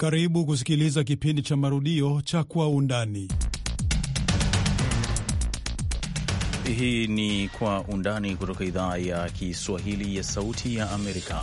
Karibu kusikiliza kipindi cha marudio cha Kwa Undani. Hii ni Kwa Undani kutoka idhaa ya Kiswahili ya Sauti ya Amerika.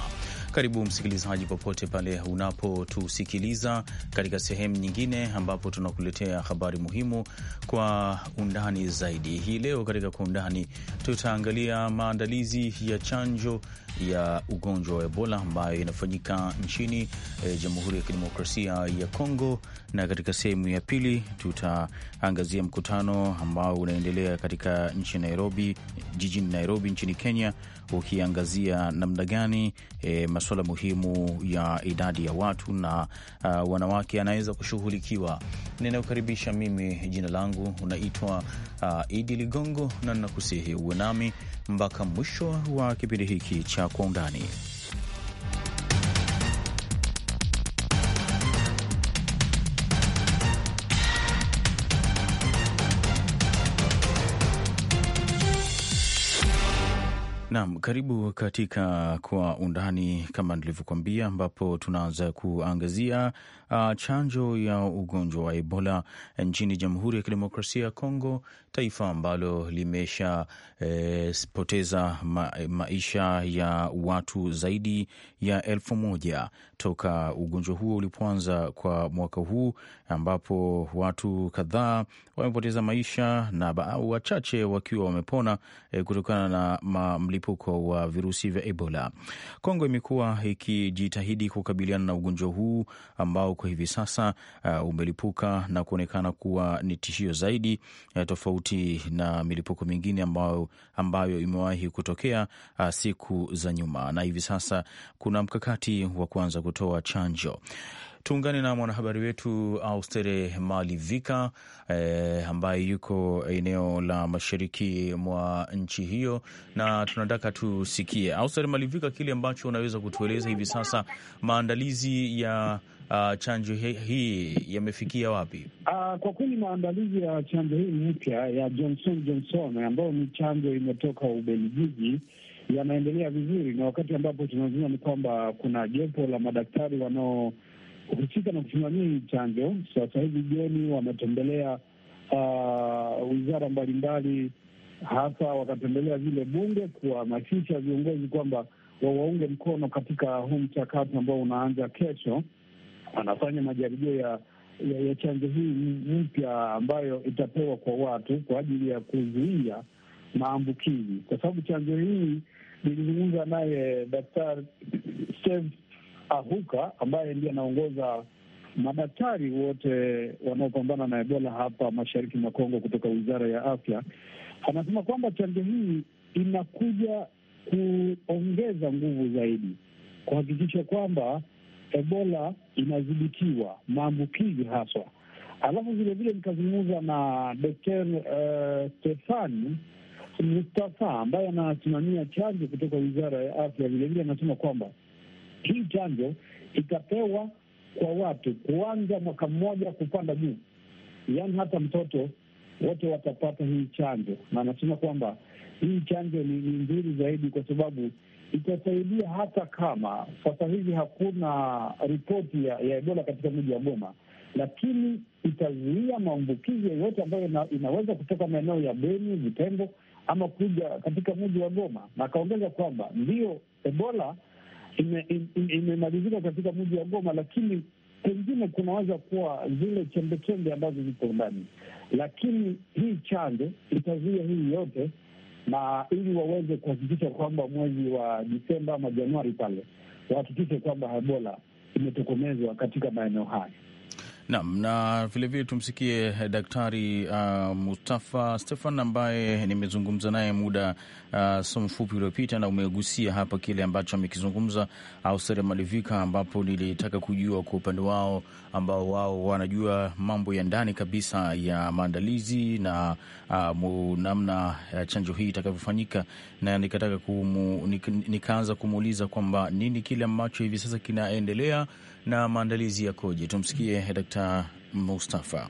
Karibu msikilizaji, popote pale unapotusikiliza katika sehemu nyingine ambapo tunakuletea habari muhimu kwa undani zaidi. Hii leo katika kwa undani tutaangalia maandalizi ya chanjo ya ugonjwa wa Ebola ambayo inafanyika nchini e, Jamhuri ya Kidemokrasia ya Kongo, na katika sehemu ya pili tutaangazia mkutano ambao unaendelea katika nchi Nairobi, jijini Nairobi nchini Kenya ukiangazia namna gani e, masuala muhimu ya idadi ya watu na uh, wanawake anaweza kushughulikiwa. Ninayokaribisha mimi, jina langu unaitwa uh, Idi Ligongo, na ninakusihi uwe nami mpaka mwisho wa kipindi hiki cha Kwa Undani. Naam, karibu katika Kwa Undani, kama nilivyokuambia, ambapo tunaanza kuangazia uh, chanjo ya ugonjwa wa Ebola nchini Jamhuri ya Kidemokrasia ya Kongo, taifa ambalo limeshapoteza eh, ma maisha ya watu zaidi ya elfu moja toka ugonjwa huo ulipoanza kwa mwaka huu, ambapo watu kadhaa wamepoteza maisha na wachache wakiwa wamepona eh, kutokana na mlipuko wa virusi vya Ebola. Kongo imekuwa ikijitahidi kukabiliana na ugonjwa huu ambao kwa hivi sasa uh, umelipuka na kuonekana kuwa ni tishio zaidi uh, tofauti na milipuko mingine ambayo, ambayo imewahi kutokea uh, siku za nyuma, na hivi sasa kuna mkakati wa kuanza kutoa chanjo. Tuungane na mwanahabari wetu Austere Malivika eh, ambaye yuko eneo la mashariki mwa nchi hiyo, na tunataka tusikie, Austere Malivika, kile ambacho unaweza kutueleza hivi sasa maandalizi ya uh, chanjo hii yamefikia wapi? Uh, kwa kweli maandalizi ya chanjo hii mpya ya Johnson Johnson ambayo ni chanjo imetoka Ubelgiji yanaendelea vizuri, na wakati ambapo tunazungumza ni kwamba kuna jopo la madaktari wanaohusika na kusimamia hii chanjo. Sasa hivi jioni wametembelea uh, wizara mbalimbali, hasa wakatembelea vile bunge kuhamasisha viongozi kwamba wawaunge mkono katika huu mchakato ambao unaanza kesho anafanya majaribio ya ya, ya chanjo hii mpya ambayo itapewa kwa watu kwa ajili ya kuzuia maambukizi, kwa sababu chanjo hii nilizungumza naye Daktari Steve Ahuka ambaye ndiye anaongoza madaktari wote wanaopambana na Ebola hapa mashariki mwa Kongo kutoka wizara ya afya. Anasema kwamba chanjo hii inakuja kuongeza nguvu zaidi kuhakikisha kwamba Ebola inadhibitiwa maambukizi haswa. Alafu vilevile nikazungumza na Dr. uh, eh, Stefani Mustafa ambaye anasimamia chanjo kutoka wizara ya afya. Vilevile anasema kwamba hii chanjo itapewa kwa watu kuanza mwaka mmoja kupanda juu, yaani hata mtoto wote watapata hii chanjo, na anasema kwamba hii chanjo ni nzuri zaidi kwa sababu itasaidia hata kama sasa hivi hakuna ripoti ya, ya Ebola katika mji wa Goma, lakini itazuia maambukizi yoyote ambayo ina, inaweza kutoka maeneo ya Beni, Vitembo ama kuja katika mji wa Goma. Na akaongeza kwamba ndio Ebola imemalizika ime katika mji wa Goma, lakini pengine kunaweza kuwa zile chembechembe ambazo ziko ndani, lakini hii chanjo itazuia hii yote na ili waweze kuhakikisha kwamba mwezi wa Disemba ama Januari pale wahakikishe kwamba Ebola imetokomezwa katika maeneo haya. Naam, na vilevile tumsikie eh, Daktari uh, Mustafa Stefan ambaye nimezungumza naye muda uh, ah, so mfupi uliopita, na umegusia hapa kile ambacho amekizungumza Ausere Malivika, ambapo nilitaka kujua kwa upande wao ambao wao wanajua mambo ya ndani kabisa ya maandalizi na uh, namna uh, chanjo hii itakavyofanyika na nikataka kumu, nik, nikaanza kumuuliza kwamba nini kile ambacho hivi sasa kinaendelea na maandalizi yakoje. Tumsikie Dkt. Mustafa.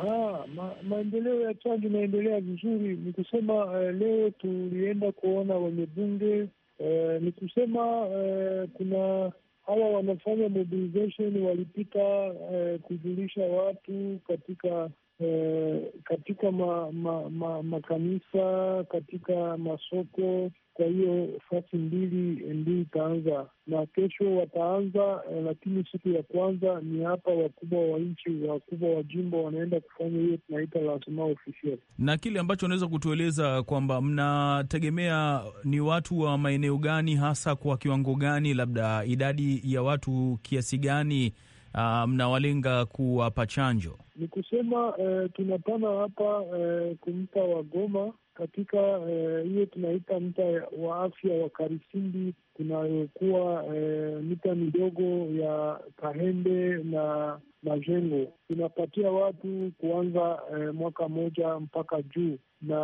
Ah, ma, maendeleo ya chanjo inaendelea vizuri. Ni kusema eh, leo tulienda kuona wenye bunge eh, ni kusema eh, kuna hawa wanafanya mobilization walipita eh, kujulisha watu katika Eh, katika ma, ma, ma, makanisa, katika masoko. Kwa hiyo fasi mbili ndio eh, itaanza na kesho wataanza, eh, lakini siku ya kwanza ni hapa. Wakubwa wa nchi, wakubwa wa jimbo wanaenda kufanya hiyo, tunaita lazima official. Na kile ambacho unaweza kutueleza kwamba mnategemea ni watu wa maeneo gani hasa, kwa kiwango gani, labda idadi ya watu kiasi gani, uh, mnawalenga kuwapa chanjo? ni kusema eh, tunapana hapa eh, kumpa wagoma katika eh, hiyo eh, tunaita mta wa afya wa Karisimbi kunayokuwa eh, mita midogo ya Kahembe na Majengo. Tunapatia watu kuanza eh, mwaka moja mpaka juu, na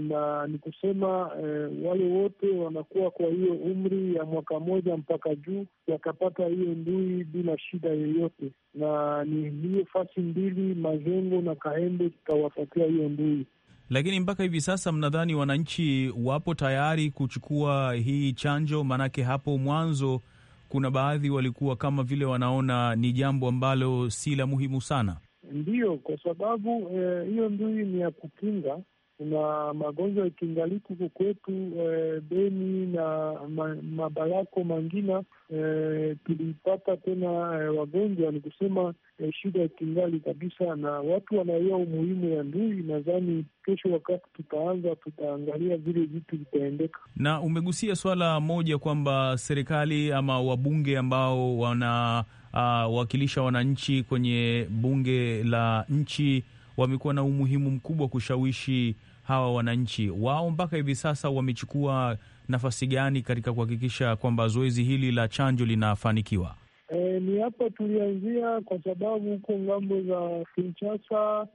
na ni kusema eh, wale wote wanakuwa kwa hiyo umri ya mwaka moja mpaka juu wakapata hiyo ndui bila shida yoyote na ni hiyo fasi mbili Mazengo na Kahembe tutawapatia hiyo ndui. Lakini mpaka hivi sasa mnadhani wananchi wapo tayari kuchukua hii chanjo? Maanake hapo mwanzo kuna baadhi walikuwa kama vile wanaona ni jambo ambalo si la muhimu sana. Ndiyo, kwa sababu eh, hiyo eh, ndui ni ya kukinga kuna magonjwa ikingaliki huko kwetu e, Beni na ma, Mabalako Mangina e, tulipata tena e, wagonjwa. Ni kusema e, shida ya kingali kabisa, na watu wanaelewa umuhimu ya ndui. Nadhani kesho wakati tutaanza, tutaangalia vile vitu vitaendeka. Na umegusia swala moja kwamba serikali ama wabunge ambao wanawakilisha ah, uh, wananchi kwenye bunge la nchi wamekuwa na umuhimu mkubwa kushawishi hawa wananchi wao. Mpaka hivi sasa wamechukua nafasi gani katika kuhakikisha kwamba zoezi hili la chanjo linafanikiwa? E, ni hapa tulianzia kwa sababu huko ngambo za Kinshasa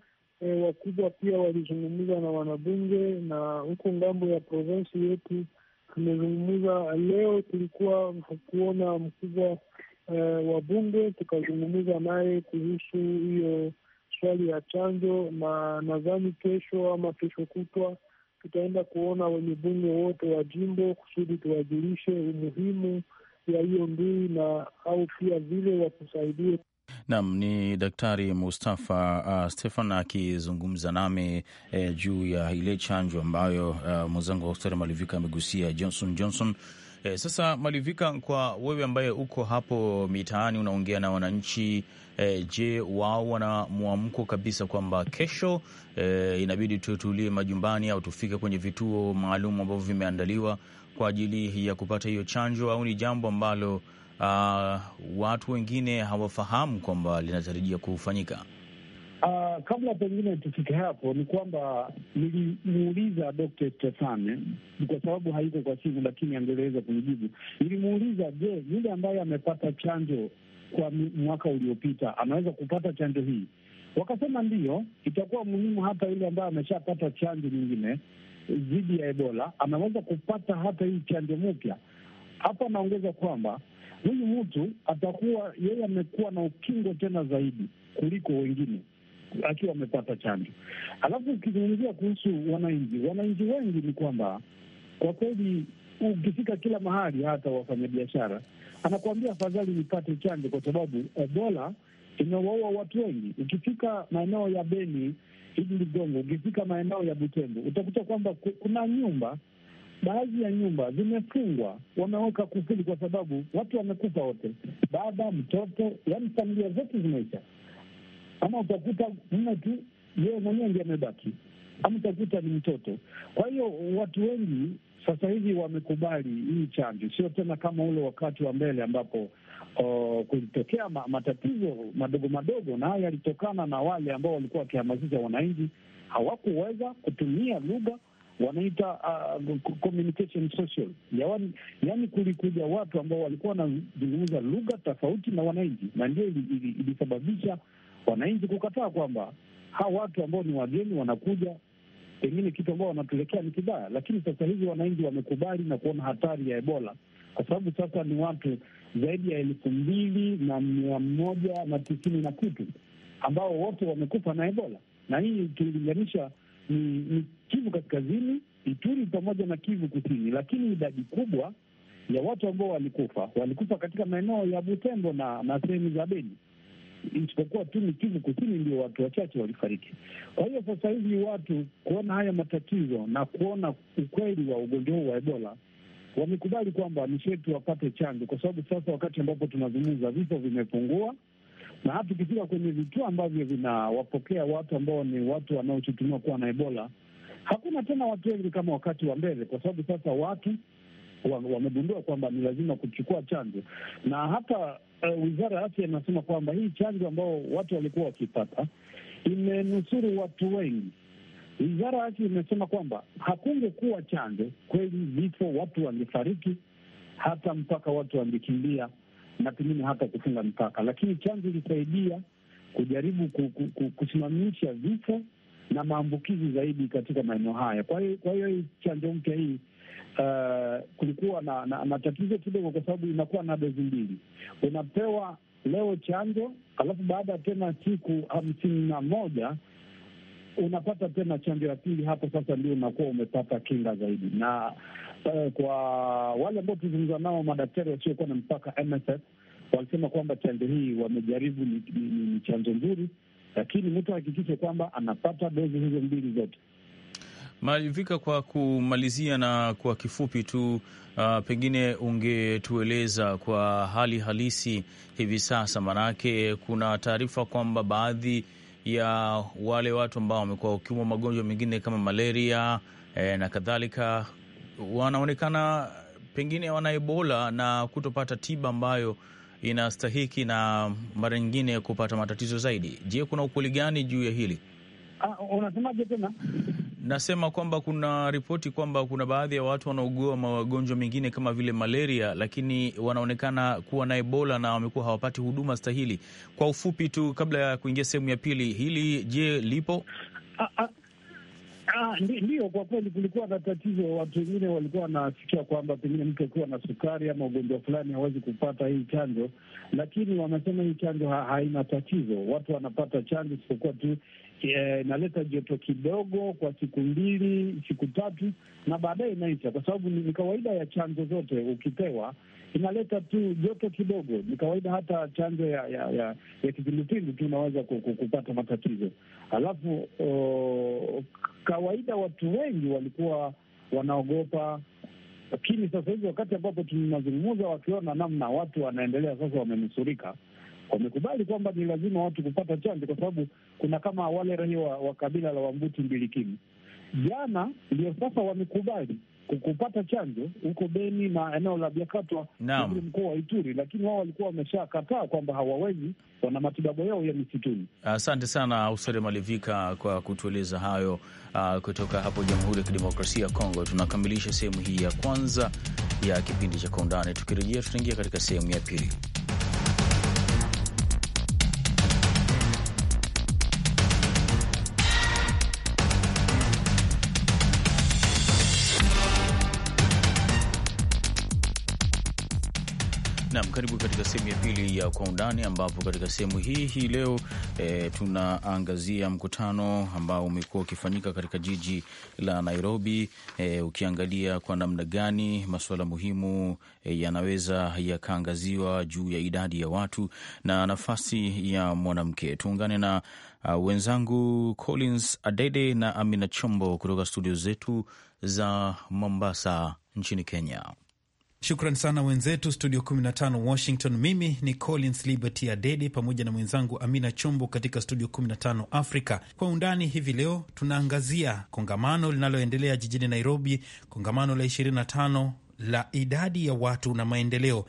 e, wakubwa pia walizungumza na wanabunge, na huko ngambo ya provensi yetu tumezungumza. Leo tulikuwa kuona mkubwa e, wa bunge, tukazungumza naye kuhusu hiyo maswali ya chanjo, na nadhani kesho ama kesho kutwa tutaenda kuona wenye bunge wote wa jimbo kusudi tuwajulishe umuhimu ya hiyo mbii na au pia vile watusaidie. Nam ni Daktari Mustafa uh, Stefan akizungumza nami eh, juu ya ile chanjo ambayo uh, mwenzangu Austeri Malivika amegusia Johnson Johnson E, sasa Malivika, kwa wewe ambaye uko hapo mitaani unaongea na wananchi e, je, wao wana mwamko kabisa kwamba kesho e, inabidi tutulie majumbani au tufike kwenye vituo maalum ambavyo vimeandaliwa kwa ajili ya kupata hiyo chanjo au ni jambo ambalo Uh, watu wengine hawafahamu kwamba linatarajia kufanyika. Uh, kabla pengine tufike hapo, ni kwamba nilimuuliza Dkt. Stefane kwa sababu haiko kwa simu, lakini angeweza kunijibu. Nilimuuliza, je, yule ambaye amepata chanjo kwa mwaka uliopita anaweza kupata chanjo hii? Wakasema ndiyo, itakuwa muhimu hata yule ambaye ameshapata chanjo nyingine dhidi ya Ebola anaweza kupata hata hii chanjo mpya. Hapa anaongeza kwamba huyu mtu atakuwa yeye amekuwa na ukingo tena zaidi kuliko wengine akiwa amepata chanjo. Alafu ukizungumzia kuhusu wananchi, wananchi wengi ni kwamba kwa kweli ukifika kila mahali, hata wafanyabiashara anakuambia afadhali nipate chanjo, kwa sababu Ebola imewaua watu wengi. Ukifika maeneo ya Beni hili Ligongo, ukifika maeneo ya Butembo utakuta kwamba kuna nyumba, baadhi ya nyumba zimefungwa, wameweka kufuli kwa sababu watu wamekufa wote, baba mtoto, yaani familia zote zimeisha ama utakuta mume tu yeye mwenyewe ndiye amebaki, ama utakuta ni mtoto. Kwa hiyo watu wengi sasa hivi wamekubali hii chanjo, sio tena kama ule wakati wa mbele ambapo o, kulitokea ma, matatizo madogo madogo, na haya yalitokana na wale ambao walikuwa wakihamasisha wananchi, hawakuweza kutumia lugha wanaita uh, communication social yaani, yaani kulikuja watu ambao walikuwa wanazungumza lugha tofauti na wananchi, na ndio ilisababisha ili, ili wananchi kukataa kwamba hawa watu ambao ni wageni wanakuja, pengine kitu ambao wanatuelekea ni kibaya. Lakini sasa hivi wananchi wamekubali na kuona hatari ya Ebola, kwa sababu sasa ni watu zaidi ya elfu mbili na mia moja na tisini na kitu ambao wote wamekufa na Ebola, na hii ukilinganisha ni, ni Kivu Kaskazini, Ituri pamoja na Kivu Kusini, lakini idadi kubwa ya watu ambao walikufa walikufa katika maeneo ya Butembo na, na sehemu za Beni isipokuwa tu ni Kivu Kusini ndio watu wachache walifariki. Kwa hiyo sasa hivi watu kuona haya matatizo na kuona ukweli wa ugonjwa huu wa Ebola wamekubali kwamba ni shetu wapate chanjo, kwa sababu sasa wakati ambapo tunazungumza vifo vimepungua, na hata ukifika kwenye vituo ambavyo vinawapokea watu ambao ni watu wanaoshutumiwa kuwa na Ebola hakuna tena watu wengi kama wakati wa mbele, kwa sababu sasa watu wamegundua kwamba ni lazima kuchukua chanjo, na hata uh, wizara ya afya inasema kwamba hii chanjo ambao watu walikuwa wakipata imenusuru watu wengi. Wizara ya afya imesema kwamba hakungekuwa chanjo, kweli vifo, watu wangefariki, hata mpaka watu wangekimbia na pengine hata kufunga mpaka, lakini chanjo ilisaidia kujaribu kusimamisha vifo na maambukizi zaidi katika maeneo haya. Kwa hiyo kwa hiyo hii chanjo mpya hii uh, kulikuwa na, na, na tatizo kidogo, kwa sababu inakuwa na dozi mbili, unapewa leo chanjo alafu baada ya tena siku hamsini na moja unapata tena chanjo ya pili. Hapo sasa ndio unakuwa umepata kinga zaidi. Na uh, kwa wale ambao tulizungumza nao madaktari wasiokuwa na mpaka MSF walisema kwamba chanjo hii wamejaribu ni, ni, ni chanjo nzuri, lakini mtu ahakikishe kwamba anapata dozi hizo mbili zote. Malivika, kwa kumalizia na kwa kifupi tu Uh, pengine ungetueleza kwa hali halisi hivi sasa, maanake kuna taarifa kwamba baadhi ya wale watu ambao wamekuwa wakiumwa magonjwa mengine kama malaria eh, na kadhalika wanaonekana pengine wana Ebola na kutopata tiba ambayo inastahiki na mara nyingine kupata matatizo zaidi. Je, kuna ukweli gani juu ya hili? Ah, unasemaje tena? nasema kwamba kuna ripoti kwamba kuna baadhi ya watu wanaugua magonjwa mengine kama vile malaria, lakini wanaonekana kuwa na Ebola na wamekuwa hawapati huduma stahili. Kwa ufupi tu, kabla ya kuingia sehemu ya pili, hili je, lipo? ndio Ah, ah, ah ndiyo, kwa kweli kulikuwa na tatizo. Watu wengine walikuwa wanasikia kwamba pengine mtu akiwa na sukari ama ugonjwa fulani hawezi kupata hii chanjo, lakini wamesema hii chanjo ha haina tatizo. Watu wanapata chanjo isipokuwa tu e, naleta joto kidogo kwa siku mbili, siku tatu, na baadaye inaisha, kwa sababu ni kawaida ya chanjo zote. Ukipewa inaleta tu joto kidogo, ni kawaida. Hata chanjo ya ya, ya, ya kipindupindu tu unaweza kupata matatizo. Alafu o, oh, kawaida watu wengi walikuwa wanaogopa lakini sasa hivi wakati ambapo tunazungumza, wakiona namna watu wanaendelea sasa, wamenusurika wamekubali kwamba ni lazima watu kupata chanjo, kwa sababu kuna kama wale raia wa, wa kabila la Wambuti mbilikini jana ndio sasa wamekubali kupata chanjo huko Beni na eneo la Biakatwa, mji mkuu wa Ituri, lakini wao walikuwa wameshakataa kwamba hawawezi, wana matibabu yao ya misituni. Asante uh, sana Usere Malivika kwa kutueleza hayo uh, kutoka hapo Jamhuri ya Kidemokrasia ya Kongo. Tunakamilisha sehemu hii ya kwanza ya kipindi cha Kwa Undani. Tukirejea tutaingia katika sehemu ya pili. karibu katika sehemu ya pili ya Kwa Undani, ambapo katika sehemu hii hii leo e, tunaangazia mkutano ambao umekuwa ukifanyika katika jiji la Nairobi, e, ukiangalia kwa namna gani masuala muhimu e, yanaweza yakaangaziwa juu ya idadi ya watu na nafasi ya mwanamke. Tuungane na uh, wenzangu Collins Adede na Amina Chombo kutoka studio zetu za Mombasa nchini Kenya. Shukran sana wenzetu studio 15 Washington. Mimi ni Collins Liberty Adede pamoja na mwenzangu Amina Chombo katika studio 15 Africa kwa undani. Hivi leo tunaangazia kongamano linaloendelea jijini Nairobi, kongamano la 25 la idadi ya watu na maendeleo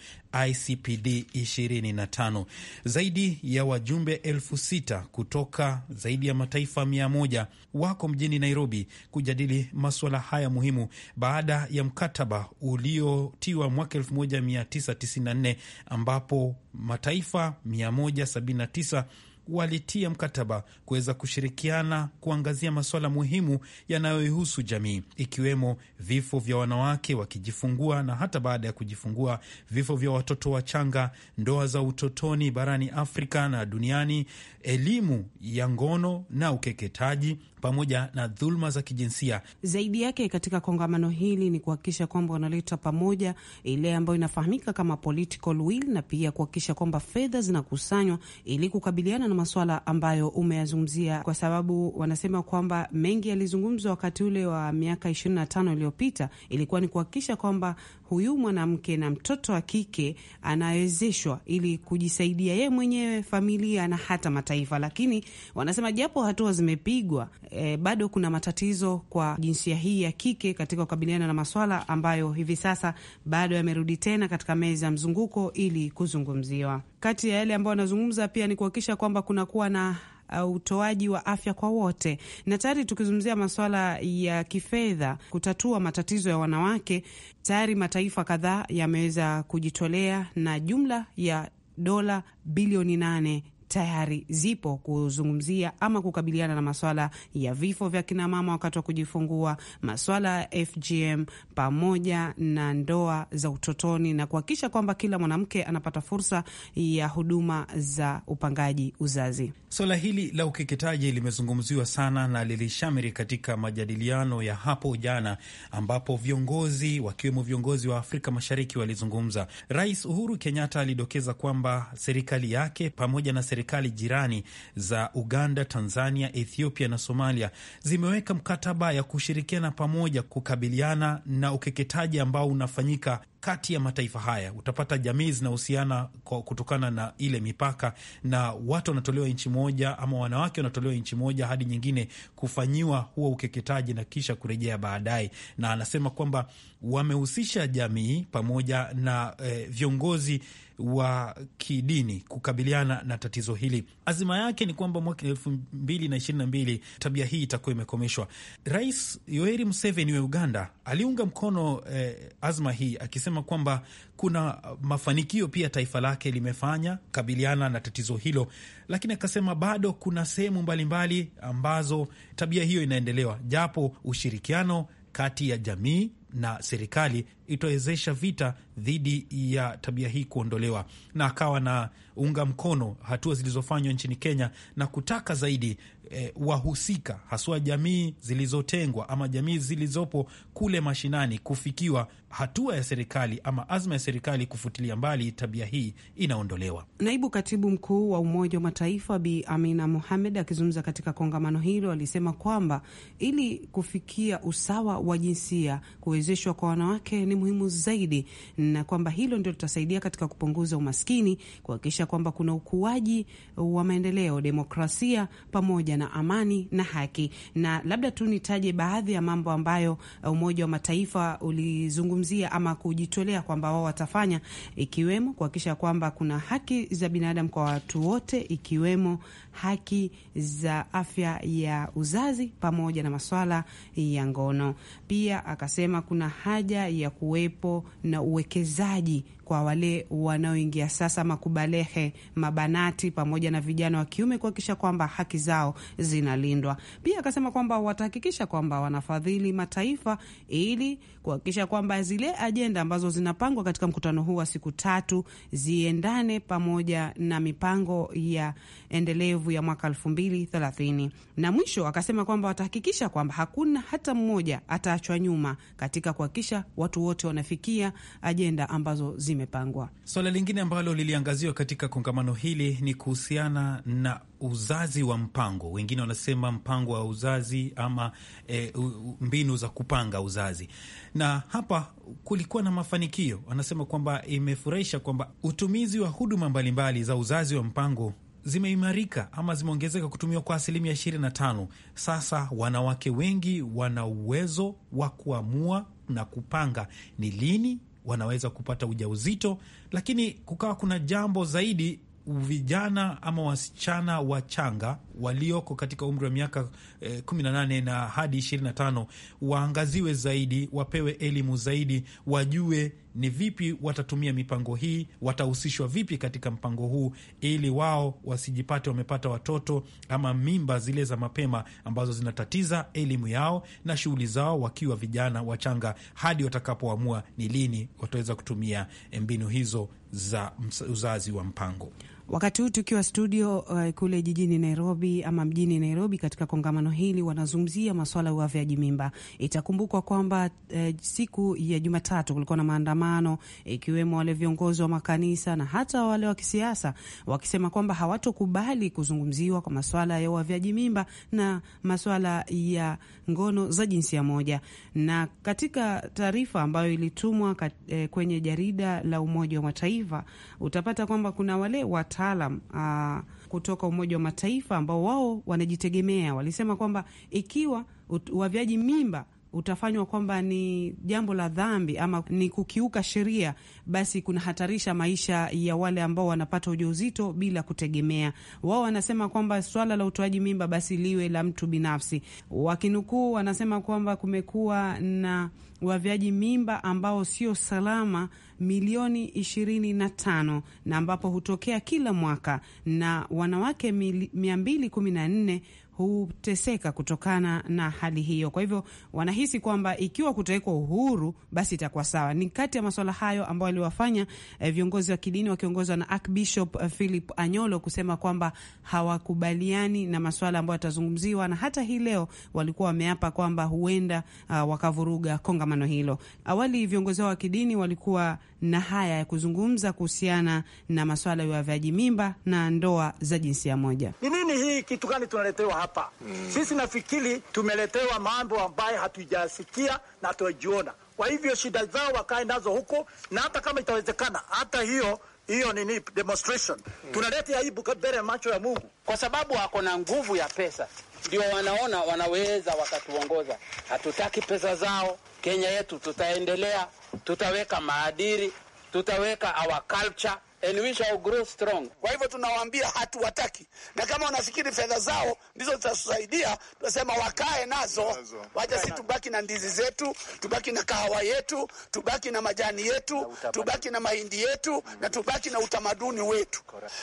ICPD 25. Zaidi ya wajumbe elfu sita kutoka zaidi ya mataifa mia moja wako mjini Nairobi kujadili masuala haya muhimu baada ya mkataba uliotiwa mwaka 1994 ambapo mataifa 179 walitia mkataba kuweza kushirikiana kuangazia masuala muhimu yanayoihusu jamii ikiwemo vifo vya wanawake wakijifungua na hata baada ya kujifungua, vifo vya watoto wachanga, ndoa za utotoni barani Afrika na duniani, elimu ya ngono na ukeketaji pamoja na dhuluma za kijinsia. Zaidi yake katika kongamano hili ni kuhakikisha kwamba wanaleta pamoja ile ambayo inafahamika kama political will, na pia kuhakikisha kwamba fedha zinakusanywa ili kukabiliana na maswala ambayo umeyazungumzia, kwa sababu wanasema kwamba mengi yalizungumzwa wakati ule wa miaka ishirini na tano iliyopita, ilikuwa ni kuhakikisha kwamba huyu mwanamke na mtoto wa kike anawezeshwa ili kujisaidia yeye mwenyewe, familia na hata mataifa. Lakini wanasema japo hatua zimepigwa e, bado kuna matatizo kwa jinsia hii ya kike katika kukabiliana na maswala ambayo hivi sasa bado yamerudi tena katika meza ya mzunguko ili kuzungumziwa. Kati ya yale ambayo wanazungumza pia ni kuhakikisha kwamba kunakuwa na Uh, utoaji wa afya kwa wote na tayari tukizungumzia masuala ya kifedha kutatua matatizo ya wanawake, tayari mataifa kadhaa yameweza kujitolea na jumla ya dola bilioni nane tayari zipo kuzungumzia ama kukabiliana na maswala ya vifo vya kinamama wakati wa kujifungua, maswala ya FGM pamoja na ndoa za utotoni na kuhakikisha kwamba kila mwanamke anapata fursa ya huduma za upangaji uzazi. Swala hili la ukeketaji limezungumziwa sana na lilishamiri katika majadiliano ya hapo jana, ambapo viongozi wakiwemo viongozi wa Afrika Mashariki walizungumza. Rais Uhuru Kenyatta alidokeza kwamba serikali yake pamoja na serikali serikali jirani za Uganda, Tanzania, Ethiopia na Somalia zimeweka mkataba ya kushirikiana pamoja kukabiliana na ukeketaji ambao unafanyika kati ya mataifa haya. Utapata jamii zinahusiana kutokana na ile mipaka, na watu wanatolewa nchi moja ama wanawake wanatolewa nchi moja hadi nyingine kufanyiwa huo ukeketaji na kisha kurejea baadaye. Na anasema kwamba wamehusisha jamii pamoja na eh, viongozi wa kidini kukabiliana na tatizo hili. Azima yake ni kwamba mwaka elfu mbili na ishirini na mbili tabia hii itakuwa imekomeshwa. Rais Yoweri Museveni wa Uganda aliunga mkono eh, azma hii akisema kwamba kuna mafanikio pia taifa lake limefanya kabiliana na tatizo hilo, lakini akasema bado kuna sehemu mbalimbali ambazo tabia hiyo inaendelewa, japo ushirikiano kati ya jamii na serikali itawezesha vita dhidi ya tabia hii kuondolewa, na akawa na unga mkono hatua zilizofanywa nchini Kenya na kutaka zaidi E, wahusika haswa jamii zilizotengwa ama jamii zilizopo kule mashinani kufikiwa hatua ya serikali ama azma ya serikali kufutilia mbali tabia hii inaondolewa. Naibu katibu mkuu wa Umoja wa Mataifa Bi Amina Mohamed akizungumza katika kongamano hilo alisema kwamba ili kufikia usawa wa jinsia kuwezeshwa kwa wanawake ni muhimu zaidi, na kwamba hilo ndio litasaidia katika kupunguza umaskini, kuhakikisha kwamba kuna ukuaji wa maendeleo, demokrasia pamoja na amani na haki. Na labda tu nitaje baadhi ya mambo ambayo Umoja wa Mataifa ulizungumzia ama kujitolea kwamba wao watafanya, ikiwemo kuhakikisha kwamba kuna haki za binadamu kwa watu wote, ikiwemo haki za afya ya uzazi pamoja na maswala ya ngono. Pia akasema kuna haja ya ku kuwepo na uwekezaji kwa wale wanaoingia sasa makubalehe, mabanati pamoja na vijana wa kiume kuhakikisha kwamba haki zao zinalindwa. Pia akasema kwamba watahakikisha kwamba wanafadhili mataifa ili kuhakikisha kwamba zile ajenda ambazo zinapangwa katika mkutano huu wa siku tatu ziendane pamoja na mipango ya endelevu ya mwaka elfu mbili thelathini. Na mwisho akasema kwamba watahakikisha kwamba hakuna hata mmoja ataachwa nyuma katika kuhakikisha watu wote wanafikia ajenda ambazo zime zimepangwa. Swala lingine ambalo liliangaziwa katika kongamano hili ni kuhusiana na uzazi wa mpango, wengine wanasema mpango wa uzazi ama e, mbinu za kupanga uzazi, na hapa kulikuwa na mafanikio. Wanasema kwamba imefurahisha kwamba utumizi wa huduma mbalimbali za uzazi wa mpango zimeimarika ama zimeongezeka kutumiwa kwa asilimia 25. Sasa wanawake wengi wana uwezo wa kuamua na kupanga ni lini wanaweza kupata ujauzito, lakini kukawa kuna jambo zaidi vijana ama wasichana wachanga walioko katika umri wa miaka eh, 18 na hadi 25 waangaziwe zaidi, wapewe elimu zaidi, wajue ni vipi watatumia mipango hii, watahusishwa vipi katika mpango huu, ili wao wasijipate wamepata watoto ama mimba zile za mapema ambazo zinatatiza elimu yao na shughuli zao wakiwa vijana wachanga, hadi watakapoamua ni lini wataweza kutumia mbinu hizo za uzazi wa mpango. Wakati huu tukiwa studio uh, kule jijini Nairobi ama mjini Nairobi, katika kongamano hili wanazungumzia maswala ya uavyaji mimba. Itakumbukwa kwamba uh, siku ya Jumatatu kulikuwa na maandamano ikiwemo wale viongozi wa makanisa na hata wale wa kisiasa wakisema kwamba hawatokubali kuzungumziwa kwa maswala ya uavyaji mimba na maswala ya ngono za jinsia moja. Na katika taarifa ambayo ilitumwa kat, eh, kwenye jarida la Umoja wa Mataifa utapata kwamba kuna wale wata wataalam uh, kutoka Umoja wa Mataifa ambao wao wanajitegemea walisema kwamba ikiwa uavyaji mimba utafanywa kwamba ni jambo la dhambi ama ni kukiuka sheria, basi kunahatarisha maisha ya wale ambao wanapata ujauzito bila kutegemea. Wao wanasema kwamba swala la utoaji mimba basi liwe la mtu binafsi. Wakinukuu wanasema kwamba kumekuwa na wavyaji mimba ambao sio salama milioni ishirini na tano na ambapo hutokea kila mwaka na wanawake mia mbili kumi na nne huteseka kutokana na hali hiyo. Kwa hivyo wanahisi kwamba ikiwa kutawekwa uhuru, basi itakuwa sawa. Ni kati ya maswala hayo ambayo aliwafanya eh, viongozi wa kidini wakiongozwa na Archbishop eh, Philip Anyolo kusema kwamba hawakubaliani na maswala ambayo yatazungumziwa, na hata hii leo walikuwa wameapa kwamba huenda uh, wakavuruga kongamano hilo. Awali viongozi hao wa kidini walikuwa na haya ya kuzungumza kuhusiana na maswala ya uavyaji mimba na ndoa za jinsia moja. Ni nini hii, kitu gani tunaletewa hapa? hapa mm. Sisi nafikiri tumeletewa mambo ambayo hatujasikia na hatujajiona. Kwa hivyo shida zao wakae nazo huko, na hata kama itawezekana, hata hiyo hiyo nini demonstration mm. tunaleta aibu mbele ya macho ya Mungu, kwa sababu wako na nguvu ya pesa, ndio wanaona wanaweza wakatuongoza. Hatutaki pesa zao. Kenya yetu tutaendelea, tutaweka maadili, tutaweka our culture and we shall grow strong. Kwa hivyo tunawaambia hatuwataki, na kama wanafikiri fedha zao ndizo zitatusaidia, tunasema wakae nazo, wacha si tubaki na ndizi zetu, tubaki na kahawa yetu, tubaki na majani yetu, tubaki na mahindi yetu, na tubaki na utamaduni wetu.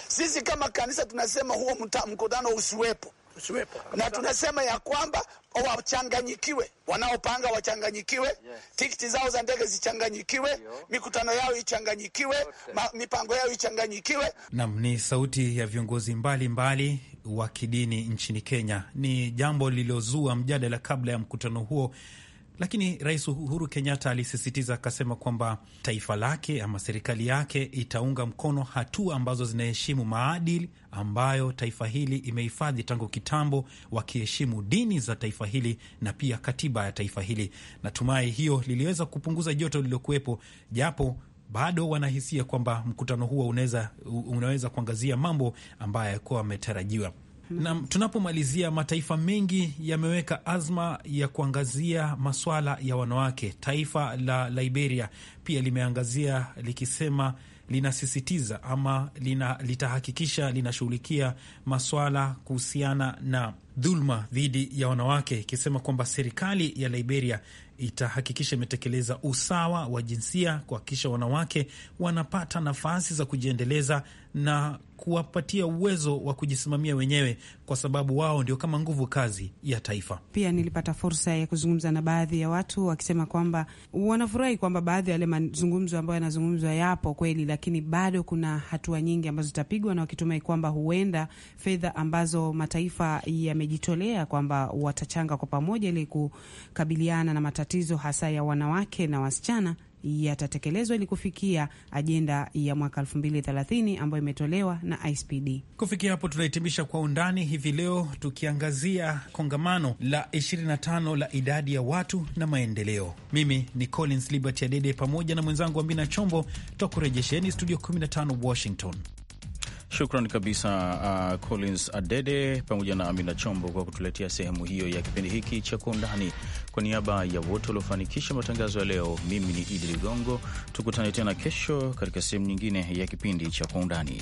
Sisi kama kanisa tunasema huo mkutano usiwepo usiwepo. Na tunasema ya kwamba wachanganyikiwe, wanaopanga wachanganyikiwe, yes. Tikiti zao za ndege zichanganyikiwe, Mikutano yao ichanganyikiwe, okay. Mipango yao ichanganyikiwe. Nam ni sauti ya viongozi mbalimbali wa kidini nchini Kenya. Ni jambo lililozua mjadala kabla ya mkutano huo lakini Rais Uhuru Kenyatta alisisitiza akasema kwamba taifa lake ama serikali yake itaunga mkono hatua ambazo zinaheshimu maadili ambayo taifa hili imehifadhi tangu kitambo, wakiheshimu dini za taifa hili na pia katiba ya taifa hili. Natumai hiyo liliweza kupunguza joto lililokuwepo, japo bado wanahisia kwamba mkutano huo unaweza kuangazia mambo ambayo yakuwa wametarajiwa. Mhm. Na tunapomalizia, mataifa mengi yameweka azma ya kuangazia maswala ya wanawake. Taifa la Liberia pia limeangazia likisema linasisitiza ama lina, litahakikisha linashughulikia maswala kuhusiana na dhuluma dhidi ya wanawake, ikisema kwamba serikali ya Liberia itahakikisha imetekeleza usawa wa jinsia, kuhakikisha wanawake wanapata nafasi za kujiendeleza na kuwapatia uwezo wa kujisimamia wenyewe, kwa sababu wao ndio kama nguvu kazi ya taifa. Pia nilipata fursa ya kuzungumza na baadhi ya watu wakisema kwamba wanafurahi kwamba baadhi ya yale mazungumzo ambayo yanazungumzwa yapo kweli, lakini bado kuna hatua nyingi ambazo zitapigwa, na wakitumai kwamba huenda fedha ambazo mataifa yamejitolea kwamba watachanga kwa pamoja ili kukabiliana na matatizo hasa ya wanawake na wasichana yatatekelezwa ili kufikia ajenda ya mwaka 2030 ambayo imetolewa na ICPD. Kufikia hapo, tunahitimisha kwa undani hivi leo tukiangazia kongamano la 25 la idadi ya watu na maendeleo. Mimi ni Collins Liberty Adede pamoja na mwenzangu Amina Chombo, twakurejesheni studio 15 Washington. Shukran kabisa uh, Collins Adede pamoja na Amina Chombo kwa kutuletea sehemu hiyo ya kipindi hiki cha Kwa Undani. Kwa niaba ya wote waliofanikisha matangazo ya leo, mimi ni Idi Ligongo. Tukutane tena kesho katika sehemu nyingine ya kipindi cha Kwa Undani.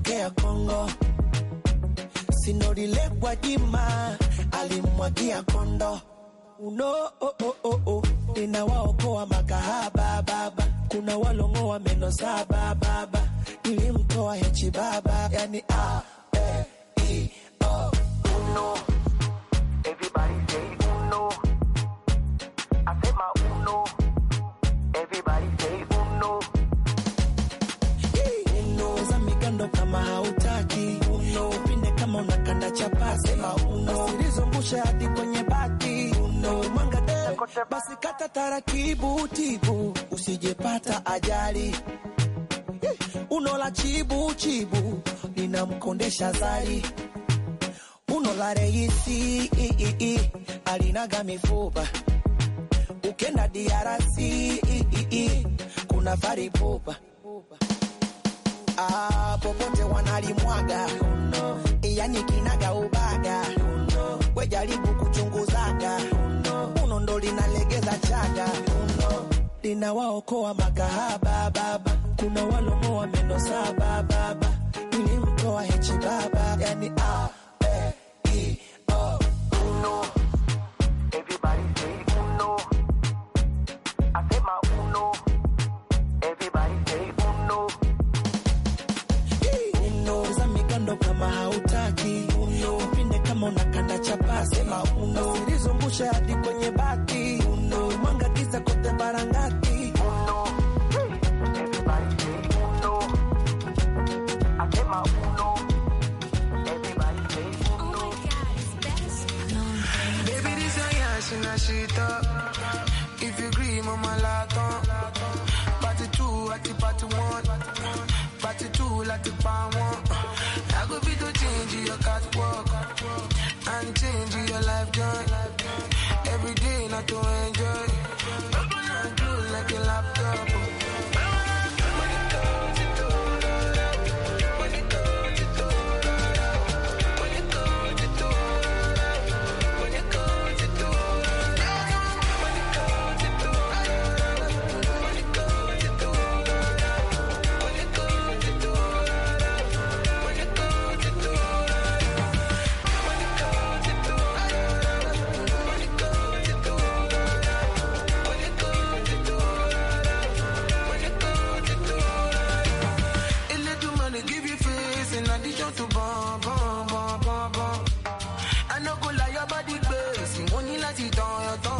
kutokea Kongo, Sinorile Gwajima alimwagia kondo uno oh, oh, oh, oh. Ninawaokoa makahaba baba, kuna walongoa meno saba baba, nilimtoa hechi baba yani A, B, E, O, uno uno na kanda chapati uno usilizungusha hadi kwenye bati uno mwanga de basi kata taratibu tibu usijepata ajali uno la chibu chibu linamkondesha zari uno la reisi alinaga mifuba ukenda diarasi kuna faripupa ah, popote wanalimwaga uno yani kinaga ubaga, we jaribu kuchunguzaga, uno ndo linalegeza chaga, linawaokoa makahaba baba, kuna walomoa meno saba baba, ilimtoa hechi baba yani ah unakanda chapa, sema uno silizungusha hadi kwenye bati uno mwanga giza kote barangati If you agree, mama lato. Party two, at the party one. Party two, the one. I go be to change your cat can change your life, girl. Every day not to enjoy. éxito yo todo